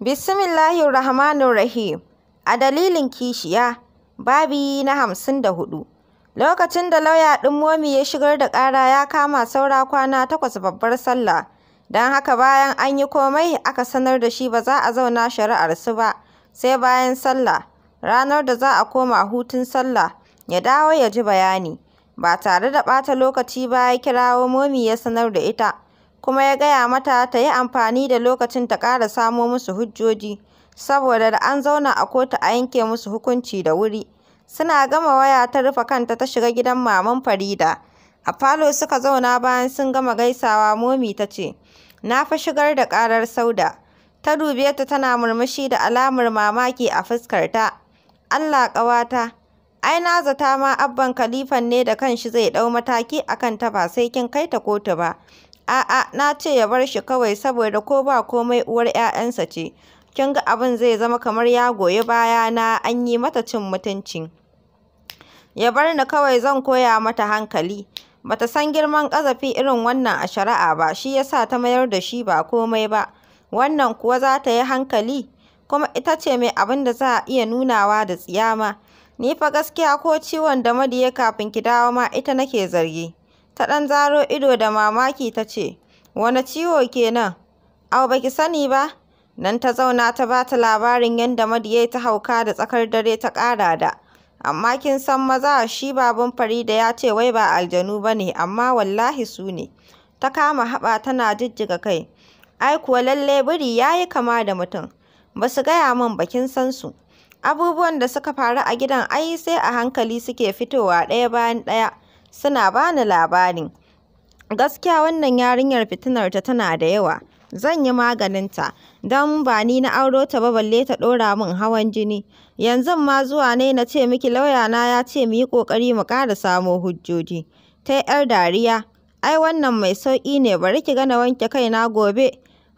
Bismillahirrahmanirrahim. A dalilin kishiya, babi na hamsin da hudu. Lokacin da lauya ɗin Momi ya shigar da ƙara ya kama saura kwana takwas babbar sallah, don haka bayan an yi komai aka sanar da shi ba za a zauna shari'ar su ba, sai bayan sallah, ranar da za a koma hutun sallah, ya dawo ya ji bayani. Ba tare da ɓata lokaci ba ya kirawo Momi ya sanar da ita. kuma ya gaya mata ta yi amfani da lokacin ta ƙara samo musu hujjoji, saboda da an zauna a kotu a yanke musu hukunci da wuri. Suna gama waya ta rufe kanta ta shiga gidan Maman Farida. A falo suka zauna bayan sun gama gaisawa Momi ta ce, Na fa shigar da ƙarar Sauda. Ta dube ta tana murmushi da alamar mamaki a fuskarta. Allah ƙawata, ai na zata ma abban kalifan ne da kanshi zai ɗau mataki akan ta ba sai kin kai ta kotu ba. A'a, na ce ya bar shi kawai saboda ko ba komai uwar 'ya'yansa ce, kin ga abin zai zama kamar ya goyi baya na an yi mata cin mutunci. Ya bar ni kawai zan koya mata hankali. Ba ta san girman ƙazafi irin wannan a shari'a ba, shi ya sa ta mayar da shi ba komai ba. Wannan kuwa za ta yi hankali, kuma ita ce mai abin da za a iya nunawa da tsiyama. Ni fa gaskiya ko ciwon da ya kafin ki dawo ma ita nake zargi. Ta ɗan zaro ido da mamaki ta ce, wane ciwo ke nan? Au, ba sani ba? Nan ta zauna ta ba ta labarin yadda Madiyai ta hauka da tsakar dare ta ƙara da. Amma kin san maza shi fari da ya ce wai ba aljanu ba ne, amma wallahi su ne. Ta kama haɓa tana jijjiga kai. Ai kuwa lalle biri ya yi kama da mutum. Ba su gaya min ba kin san su. Abubuwan da suka faru a gidan ai sai a hankali suke fitowa ɗaya bayan ɗaya. suna bani labarin. Gaskiya wannan yarinyar fitinar ta tana da yawa. Zan yi maganinta, don ba ni na auro ta ba balle ta ɗora min hawan jini. Yanzu ma zuwa ne na ce miki lauyana ya ce mu yi ƙoƙari mu ƙara samo hujjoji. Ta 'yar dariya, ai wannan mai sauƙi ne bari ki ga na wanke kaina gobe.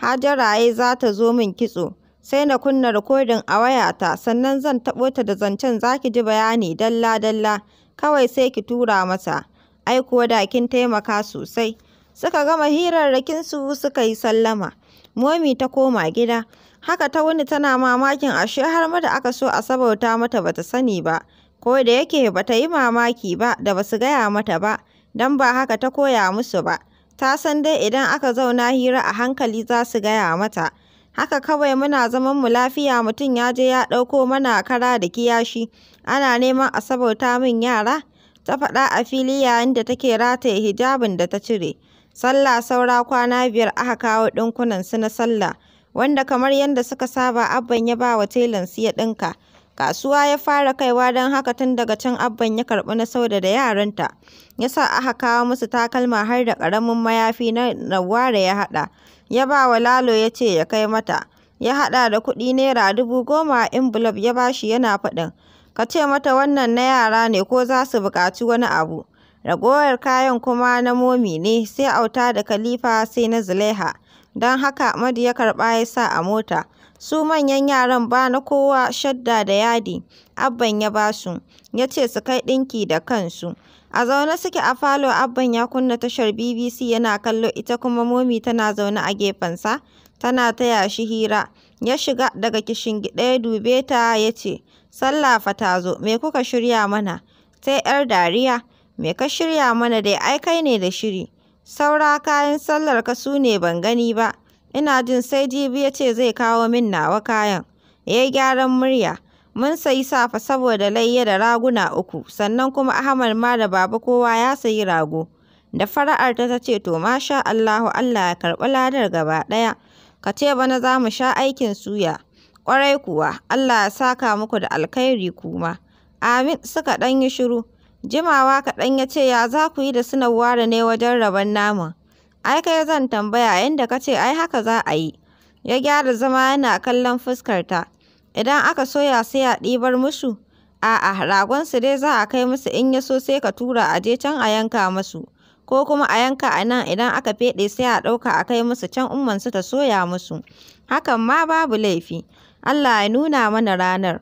Hajaraye za ta zo min kitso. sai na kunna rikodin a wayata sannan zan taɓo ta da zancen za ki ji bayani dalla-dalla kawai sai ki tura masa ai kuwa da kin taimaka sosai. Suka gama hirarrakinsu suka yi sallama. Momi ta koma gida, haka ta wuni tana mamakin ashe har ma da aka so a sabauta mata bata sani ba, ko da yake bata yi mamaki ba da basu gaya mata ba, don ba haka ta koya musu ba. Ta san dai idan aka zauna hira a hankali za su gaya mata. Haka kawai muna zaman mu lafiya mutum ya je ya ɗauko mana kara da kiyashi. ana neman a sabota min yara, ta faɗa a fili yayin da take rataye hijabin da ta cire. Sallah saura kwana biyar aka kawo su na sallah, wanda kamar yadda suka saba Abban ya ba wa su ya ɗinka. Kasuwa ya fara kaiwa don haka tun daga can Abban ya karɓi na Sauda da yaranta, ya sa aka kawo musu takalma har da ƙaramin mayafi na naware ya haɗa, ya ba wa Lalo ya ce ya kai mata. ya haɗa da kuɗi naira dubu goma a ya ya shi yana faɗin Ka ce mata wannan na yara ne ko za su buƙaci wani abu, ragowar kayan kuma na Momi ne, sai auta da kalifa sai na Zulaiha, don haka Madu ya karɓa ya sa a mota. Su manyan yaran ba na kowa shadda da yadi Abban ya ba su, ya ce su kai ɗinki da kansu. A zaune suke a falo Abban ya kunna tashar BBC yana kallo ita kuma Momi tana zaune a gefensa, tana taya shi hira. Ya shiga daga gida ya dube ta ya ce, Sallah fa ta zo, me kuka shirya mana? Sai 'yar dariya, me ka shirya mana dai ai kai ne da shiri. Saura kayan sallar ka su ne ban gani ba, ina jin sai jibi ya ce zai kawo min nawa kayan. Ya gyaran murya, mun sayi safa saboda layya da raguna uku, sannan kuma Ahmad ma da baba kowa ya sayi rago. Da fara'arta ta ce to masha Allahu Allah ya karɓi ladar gaba ɗaya, ka ce bana za mu sha aikin suya. Ƙwarai kuwa, Allah ya saka muku da alkhairi kuma. Amin, suka ɗan yi shiru. Jimawa kaɗan ya ce, ya za ku yi da su da ne wajen rabon naman? Ai kai zan tambaya, yanda ka ce ai haka za a yi. Ya gyara zama yana kallon fuskarta. Idan aka soya sai a ɗibar musu? A'a, ragonsu dai za a kai musu in ya so sai ka tura a je can a yanka musu. Ko kuma a yanka a nan idan aka feɗe sai a ɗauka a kai musu can ummansu ta soya musu. Hakan ma babu laifi. Allah ya nuna mana ranar.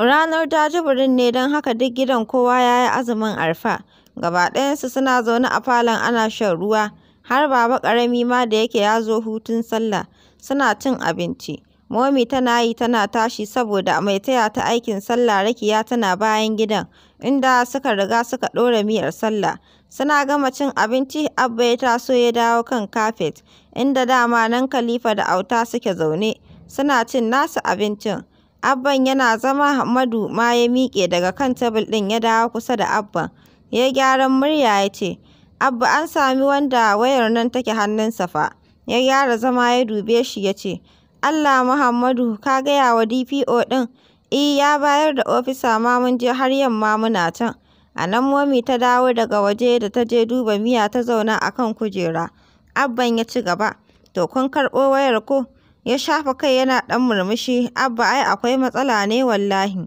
Ranar ta ne don haka duk gidan kowa ya yi azumin arfa. Gaba ɗayansu suna zaune a falon ana shan ruwa, har baba ƙarami ma da yake ya zo hutun sallah, suna cin abinci. Momi tana yi tana tashi saboda mai taya ta aikin sallah Rakiya tana bayan gidan, inda suka riga suka ɗora miyar sallah. Suna gama cin abinci, Abba ya taso ya dawo kan kafet, inda dama nan Khalifa da Auta suke zaune. suna cin nasu abincin, Abban yana zama Hammadu ma ya miƙe daga kan tebur ɗin ya dawo kusa da Abban, ya gyara gyaran murya ya ce, Abba an sami wanda wayar nan take hannunsa fa. Ya gyara zama ya dube shi ya ce, Allah Muhammadu ka gaya wa DPO ɗin, I e, ya bayar da ofisa ma mun je har yamma muna can. A nan momi ta dawo daga waje da ta je duba miya ta zauna a kan kujera. Abban ya ci gaba, to kun karɓo wayar ko? Ya shafa kai yana ɗan murmushi, Abba ai akwai matsala ne wallahi.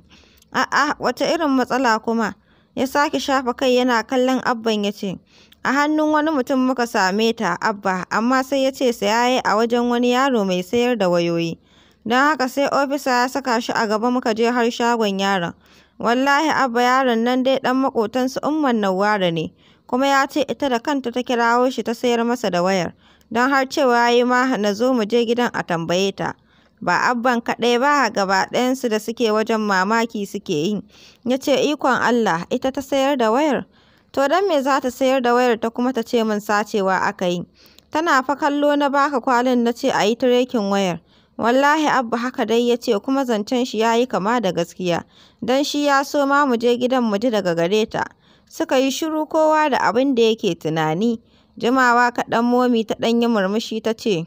A'a, wata irin matsala kuma? Ya sake shafa kai yana kallon Abban ya ce, A hannun wani mutum muka same ta, Abba, amma sai ya ce saya yi a wajen wani yaro mai sayar da wayoyi. Don haka sai ofisa ya saka shi a gaba muka je har shagon yaron. Wallahi Abba yaron nan dai ɗan makotansu Umman nawara ne, kuma ya ce ita da kanta ta kirawo shi ta sayar masa da wayar. don har cewa ya yi ma na zo mu je gidan a tambaye ta. Ba Abban kaɗai ba gaba ɗayansu da suke wajen mamaki suke yi. Ya ce ikon Allah ita ta sayar da wayar. To don me za ta sayar da wayar ta kuma ta ce min sacewa aka yi. Tana fa kallo na baka kwalin na ce a yi tirekin wayar. Wallahi Abba haka dai ya ce kuma zancen shi ya yi kama da gaskiya. Don shi ya so ma mu je gidan mu ji daga gare ta. Suka yi shiru kowa da abin da yake tunani. Jimawa kaɗan momi ta ɗan murmushi ta ce,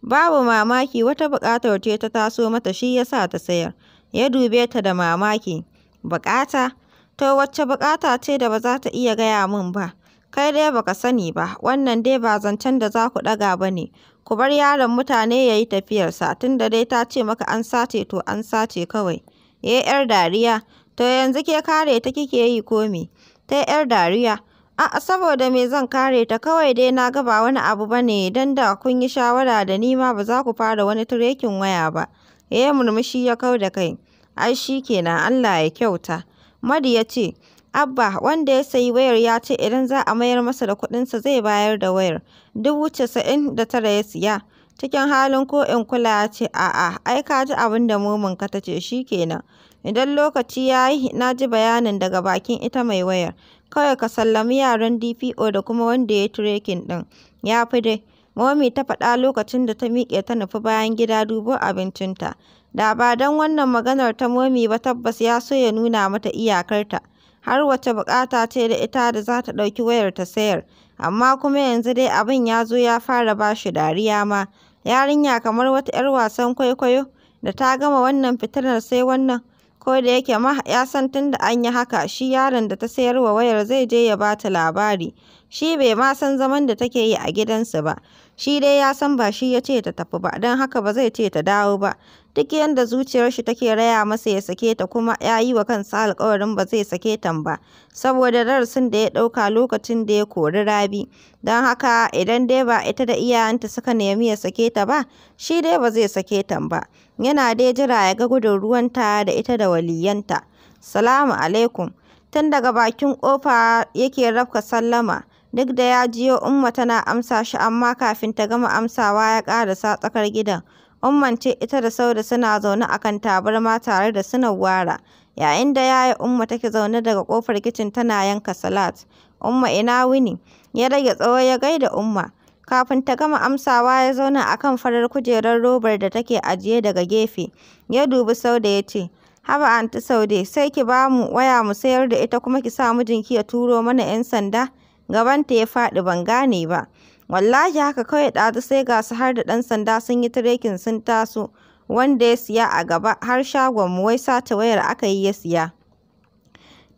Babu mamaki wata buƙatar ce ta taso mata shi ya sa ta sayar. Ya dube ta da mamaki. Buƙata? To wacce buƙata ce da ba za ta iya gaya min ba? Kai dai baka sani ba, wannan dai ba zancen da za ku ɗaga ba ne. Ku bar yaron mutane ya yi tafiyarsa, tun da dai ta ce maka an sace to an sace kawai. Ya eh, 'yar dariya, to yanzu ke kare ta kike yi ko me? Ta 'yar dariya, A'a saboda me zan kare ta kawai dai na ga ba wani abu ba ne don da kun yi shawara da ni ma ba za ku fara wani turekin waya ba. Ya eh, murmushi ya kau da kai. Ai shi kenan Allah ya kyauta. Madi ya ce, Abba wanda ya sayi wayar ya ce idan za a mayar masa da sa zai bayar da wayar. Dubu casa'in da tara ya siya. Cikin halin ko in kula ya ce a'a ai ka ji abin da ka ta ce shi kenan. Idan lokaci ya yi na ji bayanin daga bakin ita mai wayar. Kawai ka sallami yaran DPO da kuma wanda ya yi tirekin ɗin, ya fi dai,” momi ta faɗa lokacin da ta miƙe ta nufi bayan gida dubu abincinta. Da ba don wannan maganar ta momi ba tabbas ya so ya nuna mata iyakarta, har wace buƙata ce da ita da za ta ɗauki wayar ta sayar, amma kuma yanzu dai abin ya zo ya fara ba shi dariya ma, yarinya kamar wata 'yar wasan kwaikwayo da ta gama wannan fitinar sai wannan. Ko da yake ya san tun an yi haka shi yaron da ta sayar wa wayar zai je ya ba ta labari, shi bai ma san zaman da take yi a gidansu ba. Shi dai ya san ba shi ya ce ta tafi ba, don haka ba zai ce ta dawo ba. Duk yadda zuciyar shi take raya masa ya sake ta kuma ya yi wa kansa alkawarin ba zai sake ta ba, saboda darasin da ya ɗauka lokacin da ya kori Rabi. Don haka idan dai ba ita da iyayenta suka nemi ya sake ta ba, shi dai ba zai sake ta ba. Yana dai jira ya ga gudun ruwanta da ita da waliyanta. Salamu alaikum. Tun daga bakin kofa yake rafka sallama. Duk da ya jiyo Umma tana amsa shi amma kafin ta gama amsawa ya ƙarasa tsakar gidan. Umman ce ita da Saude suna zaune a kan tabarma tare da suna wara. yayin da yaya Umma take zaune daga ƙofar kicin tana yanka salat. Umma ina wuni? Ya rage tsawo ya gaida Umma. Kafin ta gama amsawa ya zauna a kan farar kujerar robar da take ajiye daga gefe. Ya dubi Saude ya ce, Haba Anti Saude, sai ki bamu waya mu sayar da ita kuma ki sa mijinki ya turo mana 'yan sanda. gabanta ya faɗi ban gane ba. Wallahi haka kawai ɗazu sai ga su har da ɗan sanda sun yi tirekin sun taso wanda ya siya a gaba har shagon mu wai sata wayar aka yi ya siya.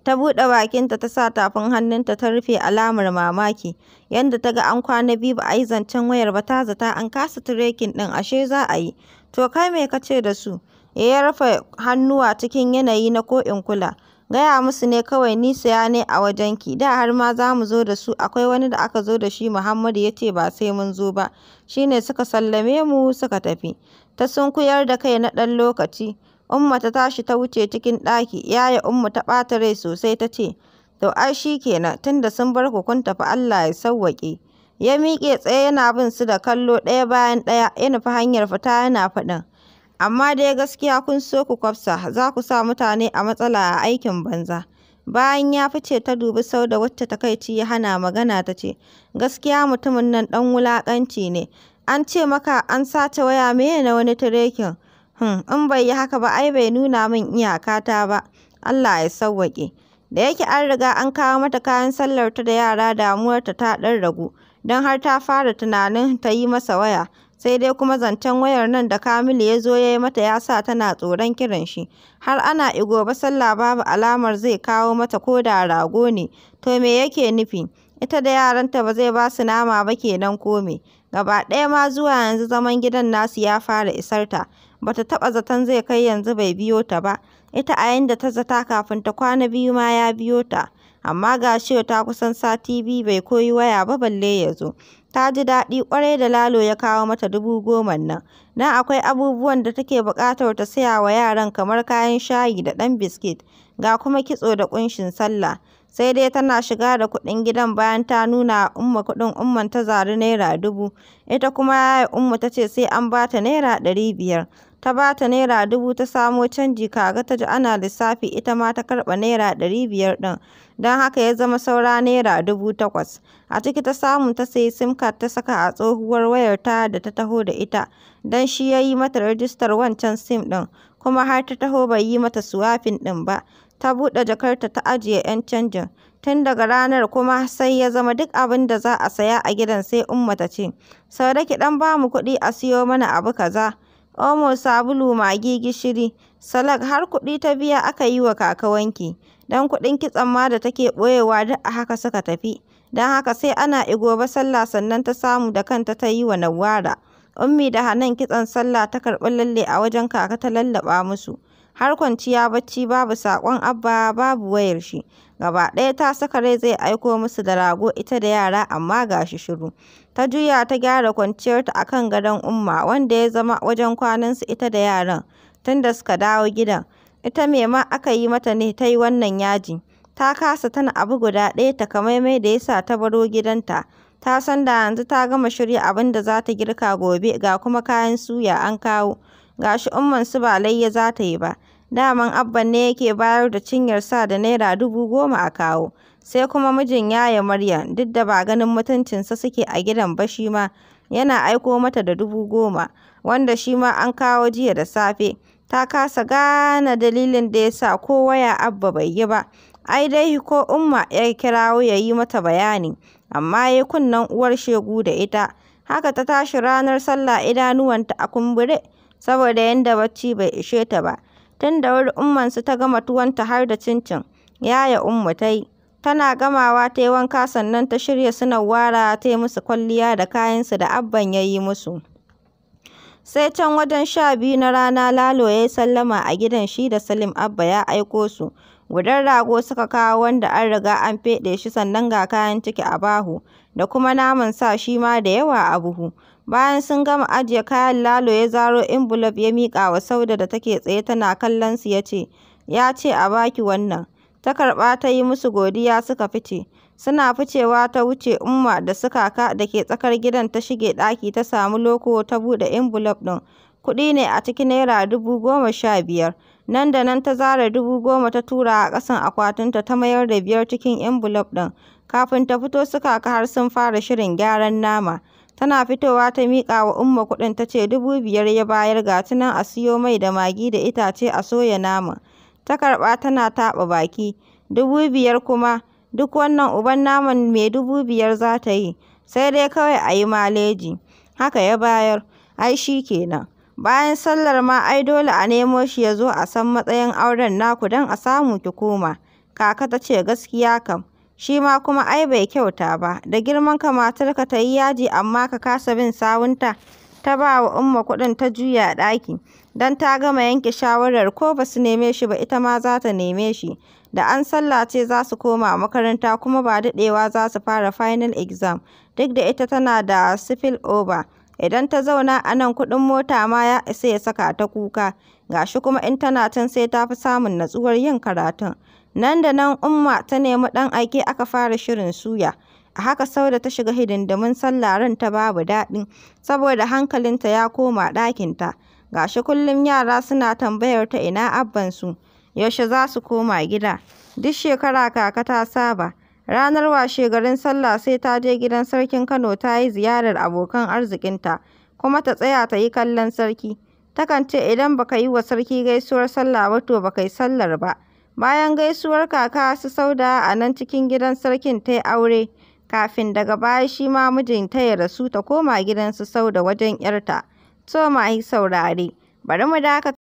ta buɗe bakinta ta sa tafin hannunta ta rufe alamar mamaki yadda ta ga an kwana biyu ba a yi zancen wayar ba ta zata an kasa tirekin ɗin ashe za a yi to kai me ka ce da su ya rufe hannuwa cikin yanayi na ko in kula Gaya musu ne kawai ni saya ne a wajenki, da har ma za mu zo da su, akwai wani da aka zo da shi Muhammadu ya ce ba sai mun zo ba, shi ne suka sallame mu suka tafi. Ta sunkuyar da kai na ɗan lokaci, Umma ta tashi ta wuce cikin ɗaki, yaya umma ta ɓata rai sosai ta ce, to ai shi kenan, tunda sun bar ku kun tafi Allah ya sawwaƙe. Ya miƙe tsaye yana bin su da kallo ɗaya bayan ɗaya, ya nufi hanyar fita yana faɗin. Amma dai gaskiya kun so ku kwafsa, za ku sa mutane a matsala a aikin banza. Bayan ya fice ta dubi sau da wacce takaici ya hana magana ta ce, Gaskiya mutumin nan dan wulakanci ne, an ce maka an sace waya meye na wani tirekin? Hmm, in bai yi haka ba ai bai nuna min iyakata ba, Allah ya sauwake. Da yake an riga an kawo mata kayan sallar ta da yara damuwarta ta ɗan ragu, don har ta fara tunanin ta yi masa waya, sai dai kuma zancen wayar nan da Kamilu ya zo ya yi mata ya sa tana tsoron kiran shi, har ana igoba sallah babu alamar zai kawo mata ko da rago ne, to me yake nufi? Ita da yaranta ba zai ba su nama ba kenan ko me? Gaba ɗaya ma zuwa yanzu zaman gidan nasu ya fara isar ta, ba ta taɓa zaton zai kai yanzu bai biyo ta ba, ita a yanda ta zata kafin ta kwana biyu ma ya biyo ta. amma ga shi ta kusan sati biyu bai koyi waya ba balle ya zo. Ta ji daɗi ƙwarai da Lalo ya kawo mata dubu goman nan, na akwai abubuwan da take buƙatar ta saya wa yaran kamar kayan shayi da ɗan biskit, ga kuma kitso da ƙunshin sallah. Sai dai tana shiga da kuɗin gidan bayan ta nuna wa Umma kuɗin Umman ta zari Naira dubu, ita kuma yaya Umma ta ce sai an ba ta Naira ɗari biyar. ta ba ta Naira dubu ta samo canji kaga ta ji ana lissafi ita ma ta karɓa Naira ɗari biyar ɗin, don haka ya zama saura Naira dubu takwas. A ciki ta samu ta sayi sim card ta saka a tsohuwar wayar wayarta da ta taho da ita, don shi ya yi mata rajistar wancan sim ɗin, kuma har ta taho bai yi mata suwafin ɗin ba. Ta buɗe jakarta ta ajiye 'yan canjin. Tun daga ranar kuma sai ya zama duk abin da za a saya a gidan sai Umma ta ce, daki ɗan ba mu kuɗi a siyo mana abu kaza. omo, sabulu, magi, gishiri, salak har kuɗi ta biya aka yi wa kaka wanki, don kuɗin kitson ma da take ɓoyewa duk a haka suka tafi, don haka sai ana igoba sallah sannan ta samu da kanta ta yi wa nawara, Ummi da Hanan kitson sallah ta karɓi lalle a wajen kaka ta lallaɓa musu. har kwanciya bacci babu saƙon Abba babu wayar shi, gaba ɗaya ta saka rai zai aiko musu da rago ita da yara amma ga shi shiru, ta juya ta gyara kwanciyarta a kan gadon Umma wanda ya zama wajen kwanan su ita da yaran tunda da suka dawo gidan, ita mai ma aka yi mata ne ta yi wannan yaji, ta kasa tana abu guda ɗaya ta kamaimai da yasa ta baro gidanta. ta san da yanzu ta gama shirya abin da za ta girka gobe ga kuma kayan suya an kawo, ga shi umman su ba layya za ta yi ba, Daman Abban ne yake bayar da cinyar sa da Naira dubu goma a kawo, sai kuma mijin Yaya murya duk da ba ganin mutuncinsa suke a gidan ba shi ma, yana aiko mata da dubu goma, wanda shi ma an kawo jiya da safe. Ta kasa gane dalilin da ya sa ko waya Abba bai yi ba, ai dai ko Umma ya kirawo ya yi mata bayani, amma ya yi kunnen uwar shegu da ita. Haka ta tashi ranar sallah idanuwanta a kumbure, saboda yadda bacci bai ishe ta ba. Tun da wuri Ummansu ta gama tuwonta har da cincin yaya Ummu ta yi, tana gamawa ta yi wanka sannan ta shirya su Nawwara ta yi musu kwalliya da kayansu da Abban ya yi musu. Sai can wajen sha biyu na rana Lalo ya yi sallama a gidan shi da Salim Abba ya aiko su. Gudan rago suka kawo wanda an riga an feɗe shi sannan ga kayan ciki a bahu, da kuma naman sa shi ma da yawa a buhu. Bayan sun gama ajiye kayan, Lalo ya zaro inbulof ya miƙa wa Saude da take tsaye tana kallon su ya ce, “Ya ce a ba wannan.” Ta karɓa ta yi musu godiya suka fice. Suna ficewa ta wuce Umma da su Kaka da ke tsakar gidan ta shige ɗaki ta samu loko ta buɗe inbulof ɗin. Kuɗi ne a ciki Naira dubu goma sha biyar. Nan da nan ta zara dubu goma ta tura a ƙasan akwatinta ta mayar da biyar cikin inbulof ɗin. Kafin ta fito su har sun fara shirin gyaran nama. Tana fitowa ta miƙa wa Umma kuɗin ta ce dubu biyar ya bayar ga ta nan a siyo mai da magi da itace a soya nama. Ta karɓa tana taɓa baki. Dubu biyar kuma, duk wannan uban naman mai dubu biyar za ta yi, sai dai kawai a yi maleji. Haka ya bayar, ai shi kenan. Bayan sallar ma ai dole a nemo shi ya zo a san matsayin auren naku don a samu ki koma. Kaka ta ce gaskiya kam. shi ma kuma ai bai kyauta ba, da girman ka, matarka ta yi yaji amma ka kasa bin sawunta. Ta ba wa Umma kuɗin ta juya ɗaki, don ta gama yanke shawarar ko ba su neme shi ba ita ma za ta neme shi. Da an sallace za su koma makaranta kuma ba daɗewa za su fara final exam, duk da ita tana da spill over. Idan ta zauna a nan kuɗin mota ma ya isa ya saka ta kuka, ga shi kuma in tana can sai ta fi samun natsuwar yin karatun. Nan da nan Umma ta nemi ɗan aike aka fara shirin suya. A haka Sauda ta shiga hidindimun sallah ran ta babu daɗin, saboda hankalinta ya koma ɗakinta. Ga shi kullum yara suna tambayar ta ina abbansu, yaushe za su koma gida. Duk shekara kaka ta saba. Ranar washe garin sallah sai ta je gidan sarkin Kano ta yi ziyarar abokan arzikinta, kuma ta tsaya ta yi kallon sarki. Takan ce idan baka yi wa sarki gaisuwar sallah ba to baka yi sallar ba. Bayan gaisuwar kaka su Sauda a nan cikin gidan sarkin ta yi aure, kafin daga baya shi ma mijinta ya rasu ta koma gidan su Sauda wajen 'yarta. so ma yi saurare, bari mu dakata.